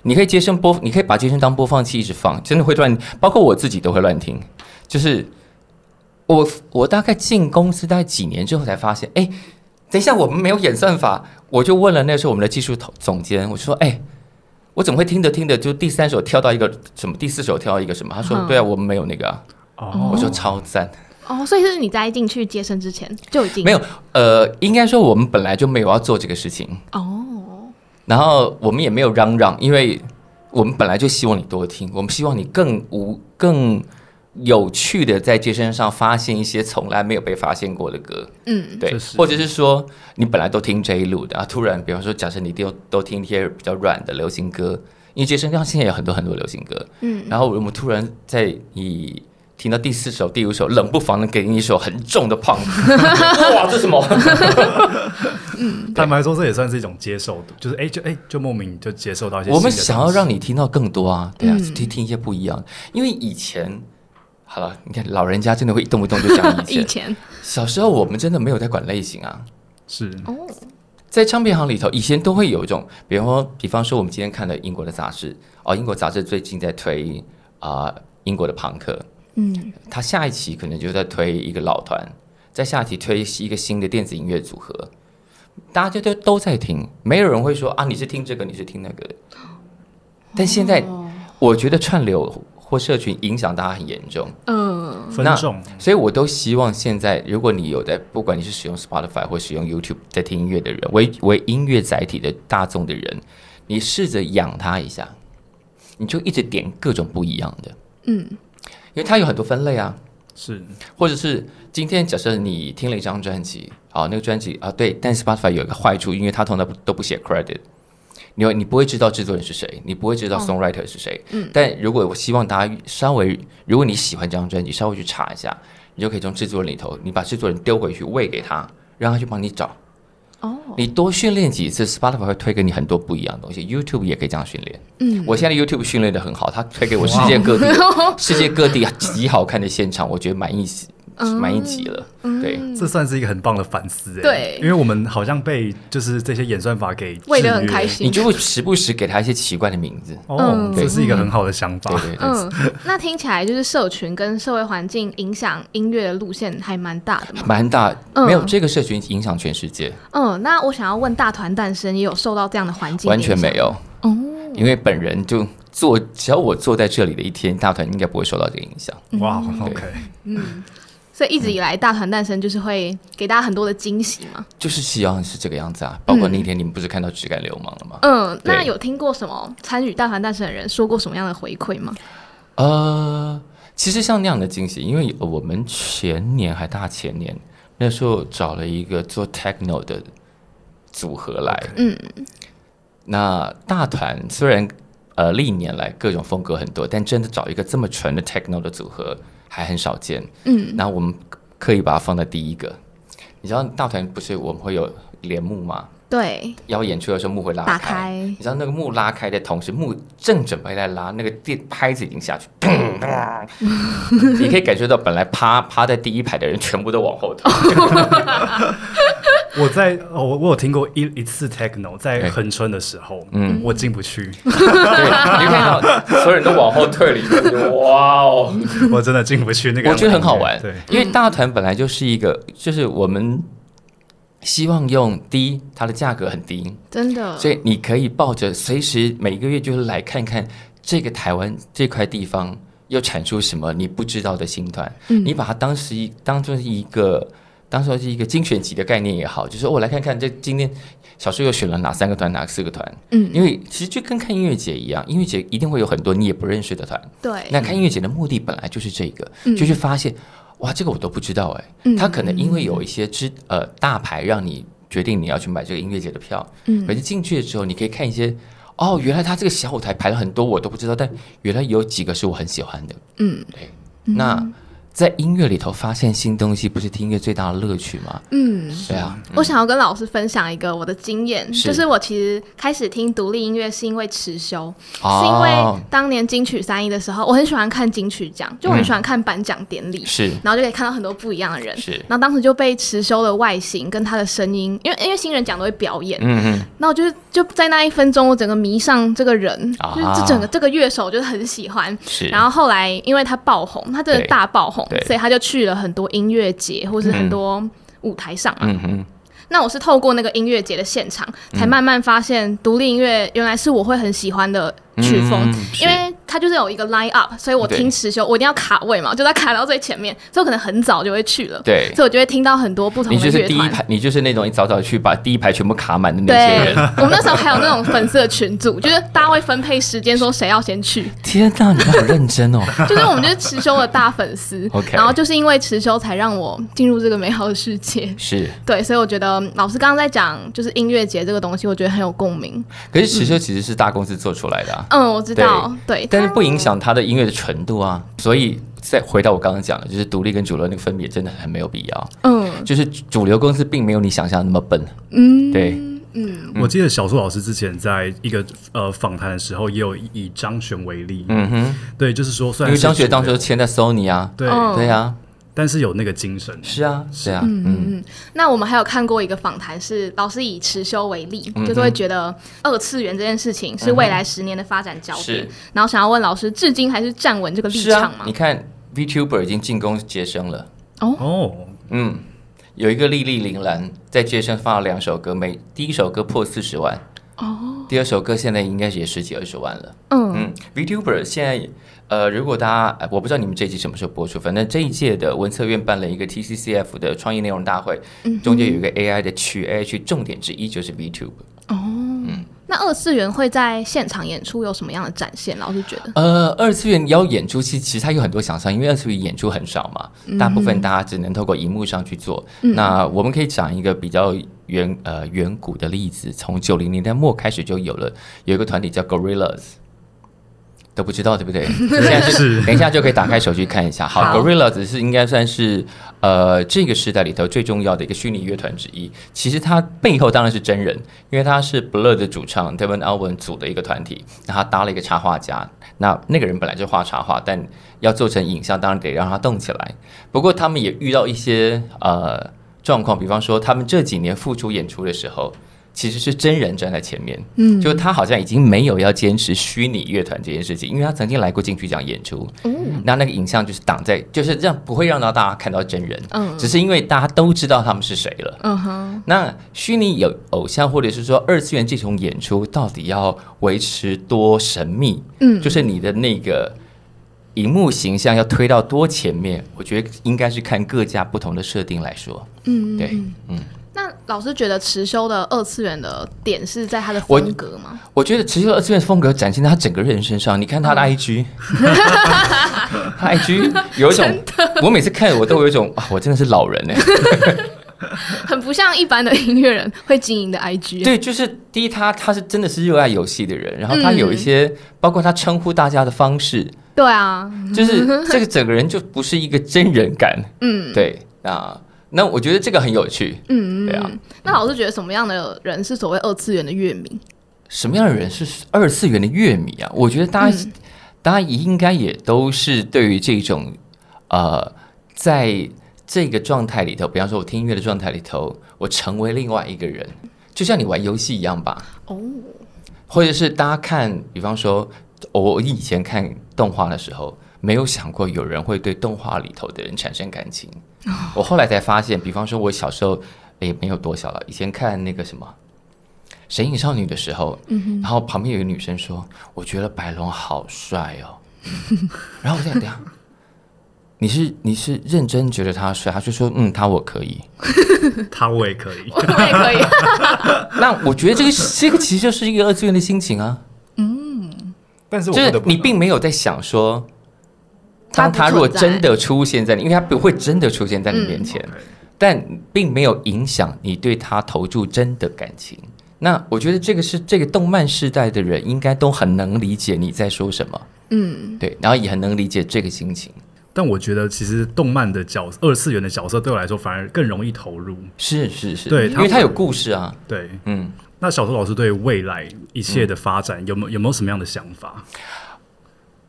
你可以街聲播，你可以把街聲當播放器一直放，真的會亂。包括我自己都會亂聽。就是我我大概進公司大概幾年之後才發現，哎，等一下，我們沒有演算法。我就問了，那時候我們的技術總監，我說：“哎、欸，我怎麼會聽着聽着就第三首跳到一個什麼，第四首跳到一個什麼？”他說：“嗯、對啊，我們沒有那個、啊。”哦、我說超讚：“超讚。”哦，所以就是你一進去接生之前就已經沒有。呃，應該說我們本來就沒有要做這個事情。哦，然後我們也沒有嚷嚷，因為我們本來就希望你多聽，我們希望你更無更。有趣的，在街聲上發現一些從來沒有被發現過的歌，嗯，對，是或者是說你本來都聽這一路的，然突然，比方說，假設你都都聽一些比較軟的流行歌，因為街聲上現在有很多很多流行歌，嗯，然後我們突然在你聽到第四首、第五首，冷不防的給你一首很重的胖、嗯、哇， 這是什麼？嗯、坦白說，這也算是一種接受度，就是哎、欸，就哎、欸，就莫名就接受到一些，我們想要讓你聽到更多啊，對啊，聽、嗯、聽一些不一樣，因為以前，好了，你看老人家真的會一動不動就講以前。 以前小時候我們真的沒有在管類型啊。是。Oh. 在唱片行裡頭，以前都會有一種，比方比方說，我們今天看了英國的雜誌，哦，英國雜誌最近在推啊、呃、英國的龐克。嗯。他下一期可能就在推一個老團，在下一期推一個新的電子音樂組合，大家就都都在聽，沒有人會說啊你是聽這個，你是聽那個的。但現在、oh. 我覺得串流。或社群影響大家很嚴重，嗯，那所以，我都希望現在，如果你有在，不管你是使用 Spotify 或使用 YouTube 在聽音樂的人，為為音樂載體的大眾的人，你試着養他一下，你就一直點各種不一樣的，嗯，因為它有很多分類啊，是，或者是今天假設你聽了一張專輯，好，啊，那個專輯啊，對，但 Spotify 有一個壞處，因為他從來都不寫 credit。你你不會知道製作人是誰，你不會知道 songwriter 是誰。哦嗯，但如果我希望大家稍微，如果你喜歡這張專輯，你稍微去查一下，你就可以從製作人裡頭，你把製作人丟回去餵給他，讓他去幫你找。哦，你多訓練幾次，Spotify 會推給你很多不一樣的東西。YouTube 也可以這樣訓練。嗯，我現在 YouTube 訓練得很好，他推給我世界各地，哇世界各地極好看的現場，我覺得蠻意思。滿意極了，對，這算是一個很棒的反思，哎，對，因為我們好像被就是這些演算法給餵得很開心，你就會時不時給他一些奇怪的名字，哦，這是一個很好的想法，對，嗯，那聽起來就是社群跟社會環境影響音樂的路線還蠻大的嘛，蠻大，沒有這個社群影響全世界，嗯，那我想要問大團誕生也有受到這樣的環境？完全沒有，因為本人就坐，只要我坐在這裡的一天，大團應該不會受到這個影響，哇，OK，嗯。所以一直以來，大團誕生就是會給大家很多的驚喜嘛，嗯，就是希望是這個樣子啊。包括那天你們不是看到質感流氓了嗎？嗯，對那有聽過什麼參與大團誕生的人說過什麼樣的回饋嗎？呃，其實像那樣的驚喜，因為我們前年還大前年那時候找了一個做 techno 的組合來，嗯，那大團雖然呃歷年來各種風格很多，但真的找一個這麼純的 techno 的組合。還很少見，嗯，那我們刻意把它放在第一個。你知道大團不是我們會有簾幕嗎？對，要演出的時候幕會拉開。開你知道那個幕拉開的同時，幕正準備在拉，那個電拍子已經下去， 你可以感覺到，本來趴趴在第一排的人全部都往後退。 我在我我有聽過一一次 techno 在恆春的時候，欸、嗯，我進不去 對，哈哈哈，你看到所有人都往後退了一步。 哇哦，我真的進不去那個。我覺得很好玩，對，因為大團本來就是一個，就是我們希望用低，它的價格很低，真的，所以你可以抱着隨時每個月就是來看看這個台灣這塊地方又產出什麼你不知道的新團，嗯、你把它當時一當成一個。當時是一個精選集的概念也好，就是我來看看這今天小樹又選了哪三個團，哪四個團？嗯，因為其實就跟看音樂節一樣，音樂節一定會有很多你也不認識的團。對。那看音樂節的目的本來就是這個，嗯、就是發現哇，這個我都不知道哎、欸，嗯、他可能因為有一些知呃大牌讓你決定你要去買這個音樂節的票。嗯。可是進去的時候，你可以看一些哦，原來他這個小舞台排了很多我都不知道，但原來有幾個是我很喜歡的。嗯。對。那。嗯在音樂裡頭發現新東西，不是聽音樂最大的樂趣嗎？嗯，對啊。嗯、我想要跟老師分享一個我的經驗，是就是我其實開始聽獨立音樂是因為持修，哦、是因為當年金曲三一的時候，我很喜歡看金曲獎，就我很喜歡看頒獎典禮，是、嗯，然後就可以看到很多不一樣的人，是。然後當時就被持修的外形跟他的聲音，因為因為新人獎都會表演，嗯嗯哼，那我就是就在那一分鐘，我整個迷上這個人，哦、就是這整個這個樂手我就是很喜歡，是。然後後來因為他爆紅，他真的大爆紅。對所以他就去了很多音樂節，或是很多舞台上嘛、啊。嗯嗯。那我是透過那個音樂節的現場，才慢慢發現獨立音樂原來是我會很喜歡的。曲風，嗯、因為它就是有一個 line up，所以我聽持修，我一定要卡位嘛，就在、是、卡到最前面，所以我可能很早就會去了。對，所以我就會聽到很多不同的樂團。你就是第一排，你就是那種一早早去把第一排全部卡滿的那些人。對，我們那時候還有那種粉絲群組，就是大家會分配時間，說誰要先去。天哪、啊，你們好認真哦！ 就是我們就是持修的大粉絲。 OK，然後就是因為持修才讓我進入這個美好的世界。是。對，所以我覺得老師剛剛在講就是音樂節這個東西，我覺得很有共鳴。可是持修其實是大公司做出來的、啊。嗯，我知道，對，對但是不影響他的音樂的純度啊。嗯、所以再回到我剛剛講的，就是獨立跟主流那個分別，真的很沒有必要。嗯，就是主流公司並沒有你想象那麼笨。嗯，對，嗯，我記得小樹老師之前在一個呃訪談的時候，也有以張懸為例。嗯哼，對，就是說是，因為張懸當時簽在 Sony 啊，對，嗯、對呀、啊。但是有那個精神、欸，是啊，是啊，嗯嗯嗯。嗯，那我們還有看過一個訪談，是老師以持修為例，嗯、哼就是會覺得二次元這件事情是未來十年的發展焦點，嗯、是，然後想要問老師，至今還是站穩這個立場嗎？啊、你看 Vtuber 已經進攻街聲了，哦哦，嗯，有一個莉莉蓮蘭在街聲放了兩首歌，每第一首歌破四十萬，哦，第二首歌現在應該也十幾二十萬了，嗯。Vtuber 現在，呃，如果大家，呃、我不知道你們這一季什麼時候播出，反正這一屆的文策院辦了一個 TCCF 的創意內容大會，嗯、哼中間有一個 AI 的取 AI 區，重點之一就是 Vtuber。哦，嗯、那二次元會在現場演出有什麼樣的展現？老師覺得，呃，二次元要演出其，其實其實它有很多想象，因為二次元演出很少嘛，大部分大家只能透過熒幕上去做。嗯、哼那我們可以講一個比較遠呃遠古的例子，從九零年代末開始就有了，有一個團體叫 Gorillas。都不知道對不對？ 等一下就可以打開手機看一下。好，Gorillaz 是應該算是呃這個時代裡頭最重要的一個虛擬樂團之一。其實他背後當然是真人，因為他是 Blur 的主唱 Damon Albarn 組的一個團體，然後他搭了一個插畫家。那那個人本來就畫插畫，但要做成影像，當然得讓他動起來。不過他們也遇到一些呃狀況，比方說他們這幾年復出演出的時候。其實是真人站在前面，嗯，就他好像已經沒有要堅持虛擬樂團這件事情，因為他曾經來過金曲獎演出，嗯，那那個影像，就是擋在，就是這樣不會讓到大家看到真人，嗯，只是因為大家都知道他們是誰了，嗯哼、哦哈，那虛擬有偶像或者是說二次元這種演出，到底要維持多神秘？嗯，就是你的那個熒幕形象要推到多前面？我覺得應該是看各家不同的設定來說，嗯，對，嗯。那老師覺得持修的二次元的點是在他的風格嗎？我，我覺得持修的二次元的風格展現在他整個人身上。你看他的 IG，嗯、 他的 IG 有一種，的我每次看我都有一種，啊、我真的是老人哎、欸， 很不像一般的音樂人會經營的 IG。對，就是第一，他他是真的是熱愛遊戲的人，然後他有一些，嗯、包括他稱呼大家的方式，對啊， 就是這個整個人就不是一個真人感。嗯，對啊。那那我覺得這個很有趣，嗯，對啊。那老師覺得什麼樣的人是所謂二次元的樂迷？什麼樣的人是二次元的樂迷啊？我覺得大家，嗯、大家應該也都是對於這種，呃，在這個狀態裡頭，比方說我聽音樂的狀態裡頭，我成為另外一個人，就像你玩遊戲一樣吧。哦。或者是大家看，比方說，我以前看動畫的時候，沒有想過有人會對動畫裡頭的人產生感情。Oh. 我後來才發現，比方說，我小時候也、欸、沒有多小了。以前看那個什麼《神隱少女》的時候，mm hmm. 然後旁邊有個女生說：“我覺得白龍好帥哦。” 然後我就想，等一下，你是你是認真覺得他帥，他就說：“嗯，他我可以， 他我也可以， 我也可以。 ” 那我覺得這個這個其實就是一個二次元的心情啊。嗯，但是我不得不就是你並沒有在想說。當他如果真的出現在你，在因為他不會真的出現在你面前，嗯、但並沒有影響你對他投注真的感情。那我覺得這個是這個動漫世代的人應該都很能理解你在說什麼。嗯，對，然後也很能理解這個心情。但我覺得其實動漫的角色、二次元的角色對我來說反而更容易投入。是是是，對，因為，因為他有故事啊。對，嗯。那小樹老師對未來一切的發展有沒有，有沒有什麼樣的想法？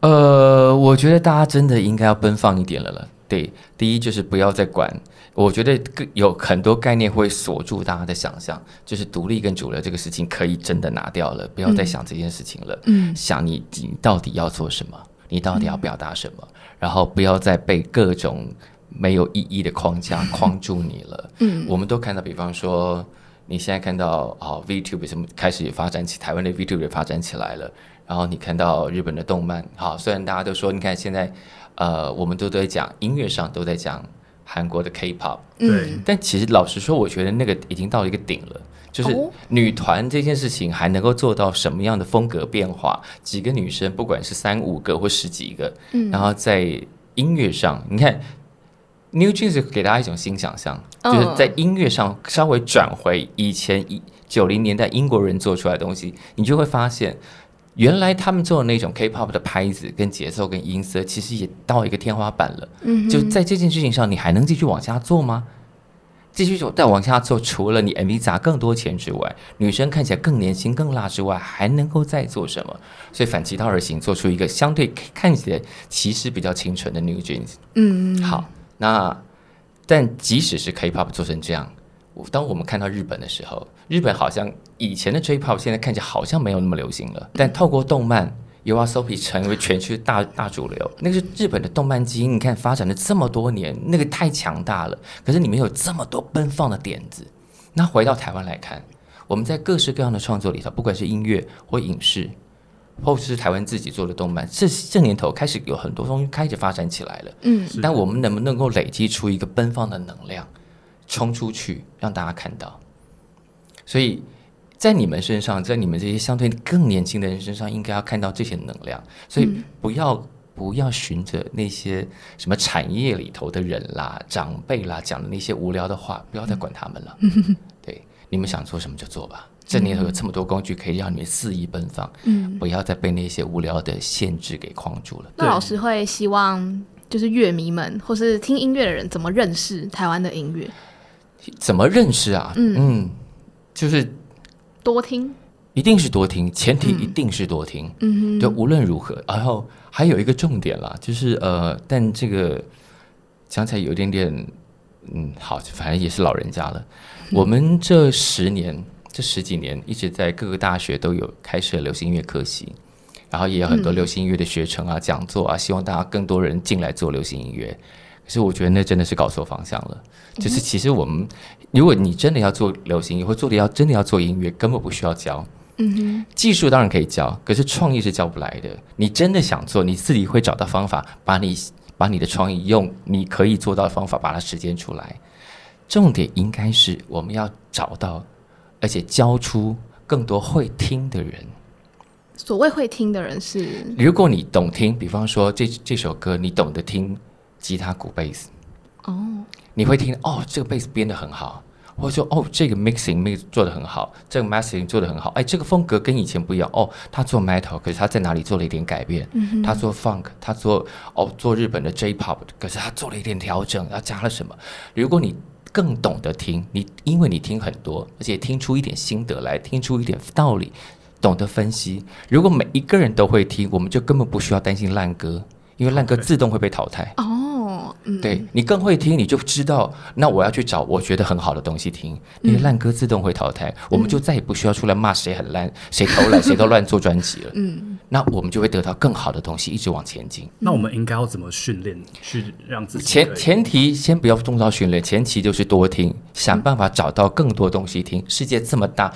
呃，我覺得大家真的應該要奔放一點了了。對，第一就是不要再管，我覺得有很多概念會鎖住大家的想象，就是獨立跟主流這個事情可以真的拿掉了，不要再想這件事情了。嗯，想你你到底要做什麼？嗯、你到底要表達什麼？嗯、然後不要再被各種沒有意義的框架框住你了。嗯，嗯，我們都看到，比方說你現在看到哦 VTube 什麼開始發展起，台灣的 VTube 也發展起來了。然後你看到日本的動漫，好，雖然大家都說，你看現在，呃，我們都在講音樂上，都在講韓國的 K-pop，嗯，但其實老實說，我覺得那個已經到了一個頂了。就是女團這件事情還能夠做到什麼樣的風格變化？哦、幾個女生，不管是三五個或十幾個，嗯，然後在音樂上，你看 New Jeans 給大家一種新想象，哦、就是在音樂上稍微轉回以前一九零年代英國人做出來的東西，你就會發現。原來他們做的那種 K-pop 的拍子跟節奏跟音色，其實也到一個天花板了。嗯哼，就在這件事情上，你還能繼續往下做嗎？繼續做，再往下做，除了你 MV 砸更多錢之外，女生看起來更年輕、更辣之外，還能夠再做什麼？所以反其道而行，做出一個相對看起來其實比較清純的 New Jeans。嗯，好。那但即使是 K-pop 做成這樣。當我們看到日本的時候，日本好像以前的 J-POP 現在看起來好像沒有那麼流行了。但透過動漫，嗯《You Are So Beautiful》成為全區大、啊、大主流，那個是日本的動漫基因。你看發展了這麼多年，那個太強大了。可是你們有這麼多奔放的點子。那回到台灣來看，我們在各式各樣的創作裡頭，不管是音樂或影視，或是台灣自己做的動漫，這這年頭開始有很多東西開始發展起來了。嗯，但我們能不能夠累積出一個奔放的能量？衝出去，讓大家看到。所以，在你們身上，在你們這些相對更年輕的人身上，應該要看到這些能量。所以，不要、嗯、不要循着那些什麼產業裡頭的人啦、長輩啦講的那些無聊的話，不要再管他們了。嗯、對，你們想做什麼就做吧。嗯、這年頭有這麼多工具可以讓你們肆意奔放，嗯、不要再被那些無聊的限制給框住了。嗯、對那老師會希望，就是樂迷們或是聽音樂的人，怎麼認識台灣的音樂？怎麼認識啊？嗯，嗯，就是多聽，一定是多聽，前提一定是多聽。嗯，就無論如何，嗯、然後還有一個重點啦，就是呃，但這個講起來有一點點，嗯，好，反正也是老人家了。嗯、我們這十年，這十幾年一直在各個大學都有開設流行音樂課系，然後也有很多流行音樂的學程啊、嗯、講座啊，希望大家更多人進來做流行音樂。可是我覺得那真的是搞錯方向了。嗯、哼就是其實我們，如果你真的要做流行，以後做的要真的要做音樂，根本不需要教。嗯哼。技術當然可以教，可是創意是教不來的。你真的想做，你自己會找到方法把，把你把你的創意用你可以做到的方法把它實踐出來。重點應該是我們要找到，而且教出更多會聽的人。所謂會聽的人是，如果你懂聽，比方說，這這首歌，你懂得聽。吉他、鼓、貝斯，哦，你會聽哦，這個貝斯編得很好，或者說哦，這個 mixing mix, 做得很好，這個 mastering 做得很好，哎，這個風格跟以前不一樣，哦，他做 metal 可是他在哪裡做了一點改變，mm hmm. 他做 funk，他做哦做日本的 J-pop，可是他做了一點調整，要加了什麼？如果你更懂得聽，你因為你聽很多，而且聽出一點心得來，聽出一點道理，懂得分析。如果每一個人都會聽，我們就根本不需要擔心爛歌。因為爛歌自動會被淘汰，對對哦，嗯、對，你更會聽，你就知道那我要去找我覺得很好的東西聽。因為爛歌自動會淘汰，嗯、我們就再也不需要出來罵誰很爛，誰偷懶，誰都亂做專輯了。 嗯，那我們就會得到更好的東西，一直往前進。嗯、那我們應該要怎麼訓練去讓自己？前前提先不要重到訓練，前提就是多聽，想辦法找到更多東西聽。嗯、世界這麼大，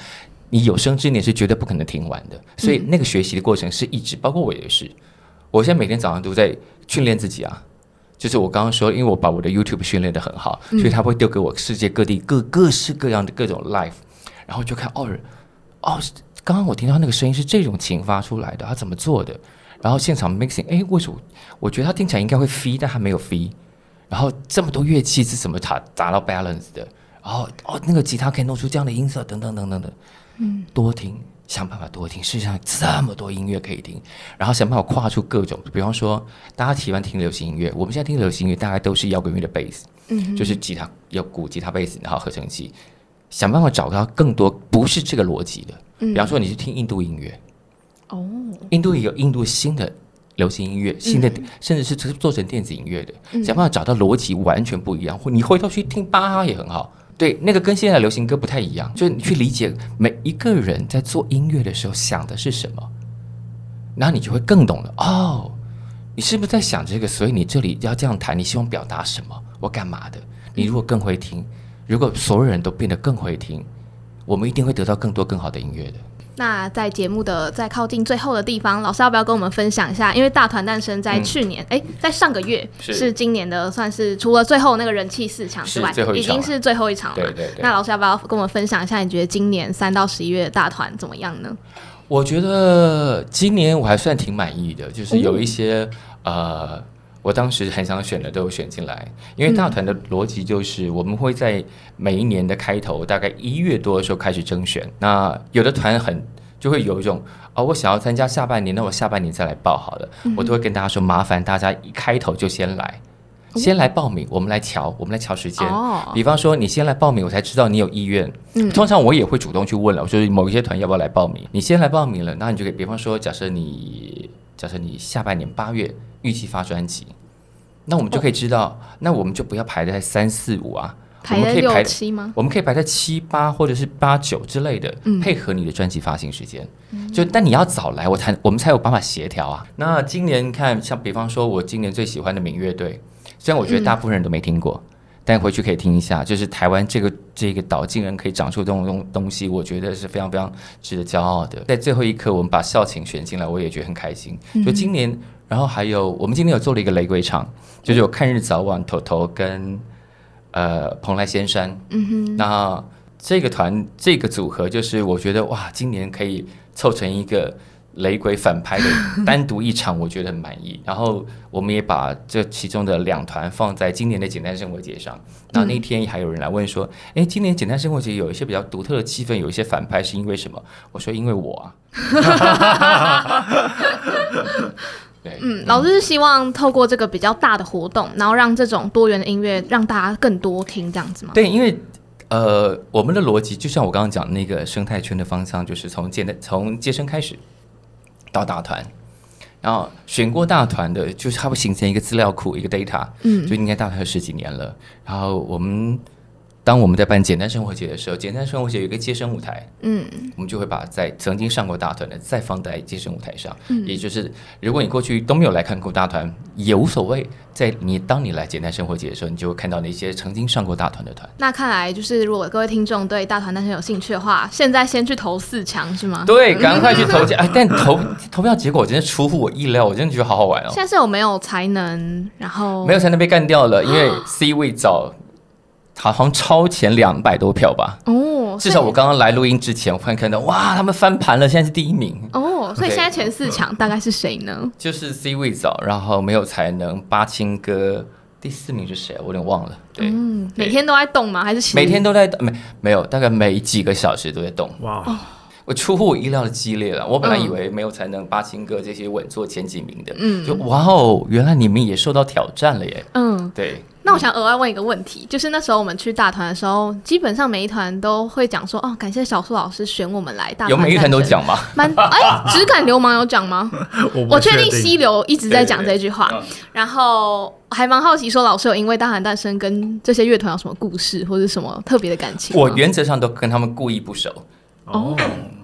你有生之年是絕對不可能聽完的，所以那個學習的過程是一直，包括我也是。我現在每天早上都在訓練自己啊，就是我剛剛說，因為我把我的 YouTube 訓練得很好，嗯、所以他會丟給我世界各地各各式各樣的各種 live 然後就看哦，哦，剛剛我聽到那個聲音是這種琴發出來的，他怎麼做的？然後現場 mixing，誒，為什麼我覺得他聽起來應該會飛，但他沒有飛？然後這麼多樂器是怎麼打達到 balance 的？然後哦，哦，那個吉他可以弄出這樣的音色，等等等等等，嗯，多聽。嗯想辦法多聽，世界上這麼多音樂可以聽，然後想辦法跨出各種，比方說大家喜歡聽流行音樂，我們現在聽流行音樂大概都是搖滾樂的貝斯、嗯哼，嗯，就是吉他有鼓，吉他貝斯，然後合成器，想辦法找到更多不是這個邏輯的，嗯，比方說你是聽印度音樂，哦，印度也有印度新的流行音樂，新的、嗯、甚至是做做成電子音樂的，嗯、想辦法找到邏輯完全不一樣，或你回頭去聽巴哈也很好。對，那個跟現在的流行歌不太一樣，就是你去理解每一個人在做音樂的時候想的是什麼，然後你就會更懂了。哦，你是不是在想這個？所以你這裡要這樣彈，你希望表達什麼？我幹嘛的？你如果更會聽，如果所有人都變得更會聽。我們一定會得到更多更好的音樂的。那在節目的在靠近最後的地方，老師要不要跟我們分享一下？因為大團誕生在去年，哎、嗯，在上個月是，是今年的，算是除了最後的那個人氣四強之外，已經是最後一場了。對對對。那老師要不要跟我們分享一下？你覺得今年三到十一月的大團怎麼樣呢？我覺得今年我還算挺滿意的，就是有一些、嗯、呃。我當時很想選的都有選進來，因為大團的邏輯就是我們會在每一年的開頭，大概一月多的時候開始徵選。那有的團很就會有一種哦，我想要參加下半年，那我下半年再來報好了。我都會跟大家說，麻煩大家一開頭就先來，先來報名，我們來喬，我們來喬時間。比方說你先來報名，我才知道你有意願。通常我也會主動去問了，我說某一些團要不要來報名？你先來報名了，那你就可以。比方說，假設你假設你下半年八月預計發專輯。那我們就可以知道，Okay. 那我們就不要排在三四五啊。在 6, 我們可以排七嗎？我們可以排在七八或者是八九之類的，嗯、配合你的專輯發行時間。嗯、就但你要早來，我才我們才有辦法協調啊。嗯、那今年看，像比方說，我今年最喜歡的民樂隊，雖然我覺得大部分人都沒聽過，嗯、但回去可以聽一下。就是台灣這個這個島，竟然可以長出這種東東西，我覺得是非常非常值得驕傲的。在最後一刻，我們把校慶選進來，我也覺得很開心。就今年。嗯然後還有，我們今天有做了一個雷鬼場，就是有《看日早晚》、《頭頭》跟呃《蓬萊仙山》。嗯哼。那這個團這個組合，就是我覺得哇，今年可以湊成一個雷鬼反拍的單獨一場， 我覺得很滿意。然後我們也把這其中的兩團放在今年的簡單生活節上。嗯、那那天還有人來問說：“哎，今年簡單生活節有一些比較獨特的氣氛，有一些反拍，是因為什麼？”我說：“因為我啊。”哈，哈哈哈哈哈，哈哈。對嗯，老師是希望透過這個比較大的活動，嗯、然後讓這種多元的音樂讓大家更多聽這樣子嗎？對，因為呃，我們的邏輯就像我剛剛講的那個生態圈的方向，就是從接從接生開始到大團，然後選過大團的，就是它會形成一個資料庫，一個 data，嗯，就應該大概有十幾年了，然後我們。當我們在辦簡單生活節的時候，簡單生活節有一個接生舞台，嗯，我們就會把在曾經上過大團的再放在接生舞台上，嗯，也就是如果你過去都沒有來看過大團、嗯、也無所謂，在你當你來簡單生活節的時候，你就會看到那些曾經上過大團的團。那看來就是如果各位聽眾對大團誕生有興趣的話，現在先去投四強是嗎？對，趕快去投 哎，但投投票結果真的出乎我意料，我真的覺得好好玩哦。現在是我沒有才能，然後沒有才能被幹掉了，因為 C 位早。啊好像超前兩百多票吧。哦，Oh, 至少我剛剛來錄音之前，以我看看到哇，他們翻盤了，現在是第一名。哦，Oh, 所以現在前四強大概是誰呢？Okay, um, um, 就是 C 位早，然後沒有才能，八青哥，第四名是誰？我有點忘了。對，嗯、每天都在動嗎？還是十每天都在沒沒有？大概每幾個小時都在動。哇 Wow，我出乎我意料的激烈了。我本來以為沒有才能、嗯、八青哥這些穩坐前幾名的。嗯，就哇哦，原來你們也受到挑戰了耶。嗯，對。那我想額外問一個問題，就是那時候我們去大團的時候，基本上每一團都會講說：“哦，感謝小樹老師選我們來大團。”有每一團都講嗎？蠻哎，只、欸、敢流氓有講嗎？ 我確定，定溪流一直在講這句話。對對對，然後還蠻好奇，說老師有因為《大團誕生》跟這些樂團有什麼故事，或者什麼特別的感情？我原則上都跟他們故意不熟。哦，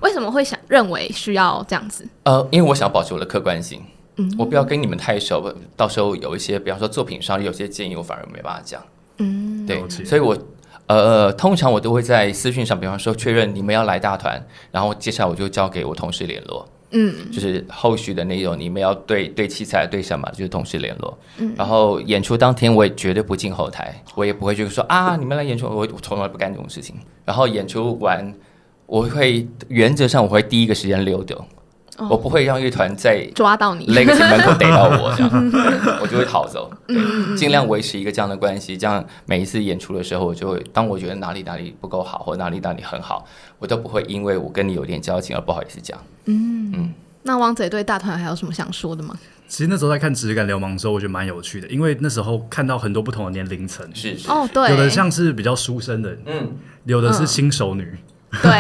為什麼會想認為需要這樣子？呃，因為我想保持我的客觀性。Mm hmm. 我不要跟你們太熟，到時候有一些，比方說作品上有些建議，我反而沒辦法講。嗯、mm，hmm. 對，所以我呃，通常我都會在私訊上，比方說確認你們要來大團，然後接下來我就交給我同事聯絡。嗯、mm，hmm. 就是後續的內容，你們要對對器材對什麼，就是同事聯絡。Mm hmm. 然後演出當天，我也絕對不進後台，我也不會就是說啊，你們來演出，我我從來不幹這種事情。然後演出完，我會原則上我會第一個時間溜掉。我不會讓樂團再抓到你，那個前門口逮到我這樣，我就會逃走。儘量維持一個這樣的關係，這樣每一次演出的時候，我就會當我覺得哪裡哪裡不夠好，或哪裡哪裡很好，我都不會因為我跟你有點交情而不好意思講。嗯嗯，那王子對大團還有什麼想說的嗎？其實那時候在看《直感流氓》之後，我覺得蠻有趣的，因為那時候看到很多不同的年齡層，是哦，對，有的像是比較書生的，嗯，有的是新手女，對，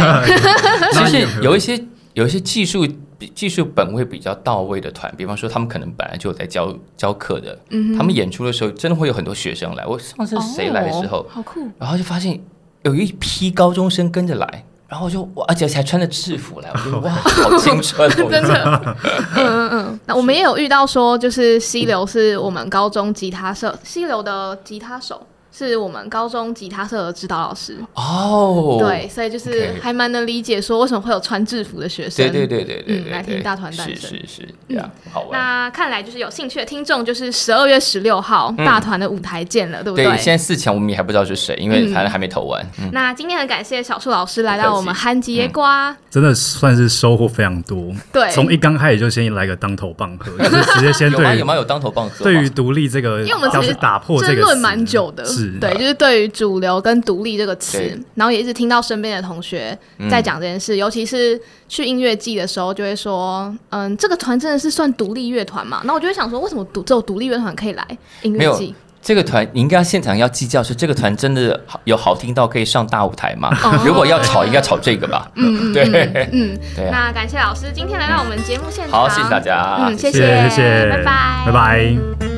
其實有一些有一些技術。技術本位比較到位的團，比方說他們可能本來就有在教教課的，嗯、哼他們演出的時候真的會有很多學生來。我上次誰來的時候，哦哦，好酷，然後就發現有一批高中生跟着來，然後我就哇，而且還穿着制服來，我覺得哇，好青春、哦，哦、 真的。嗯嗯嗯。那我們也有遇到說，就是溪流是我們高中吉他社溪流的吉他手。是我們高中吉他社的指導老師哦，對，所以就是還蠻能理解說為什麼會有穿制服的學生，對對對對對，來聽大團誕生，是是是，好玩。那看來就是有興趣的聽眾，就是十二月十六號大團的舞台見了，對不對？對，現在四強五米，還不知道是誰，因為反正還沒投完。那今天很感謝小樹老師來到我們憨吉 ㄟ 呱，真的算是收穫非常多。對，從一剛開始就先來個當頭棒喝，直接先對，有沒有當頭棒喝？對於獨立這個，因為我們其實是打破這個蠻久的。對，就是對於主流跟獨立這個詞，然後也一直聽到身邊的同學在講這件事，尤其是去音樂季的時候，就會說，嗯，這個團真的是算獨立樂團嘛？那我就會想說，為什麼獨只有獨立樂團可以來音樂季？這個團，你應該現場要計較是這個團真的有好聽到可以上大舞台嗎？如果要吵，應該吵這個吧？嗯對，嗯，那感謝老師今天來到我們節目現場，好，謝謝大家，嗯，謝謝謝謝，拜拜拜拜。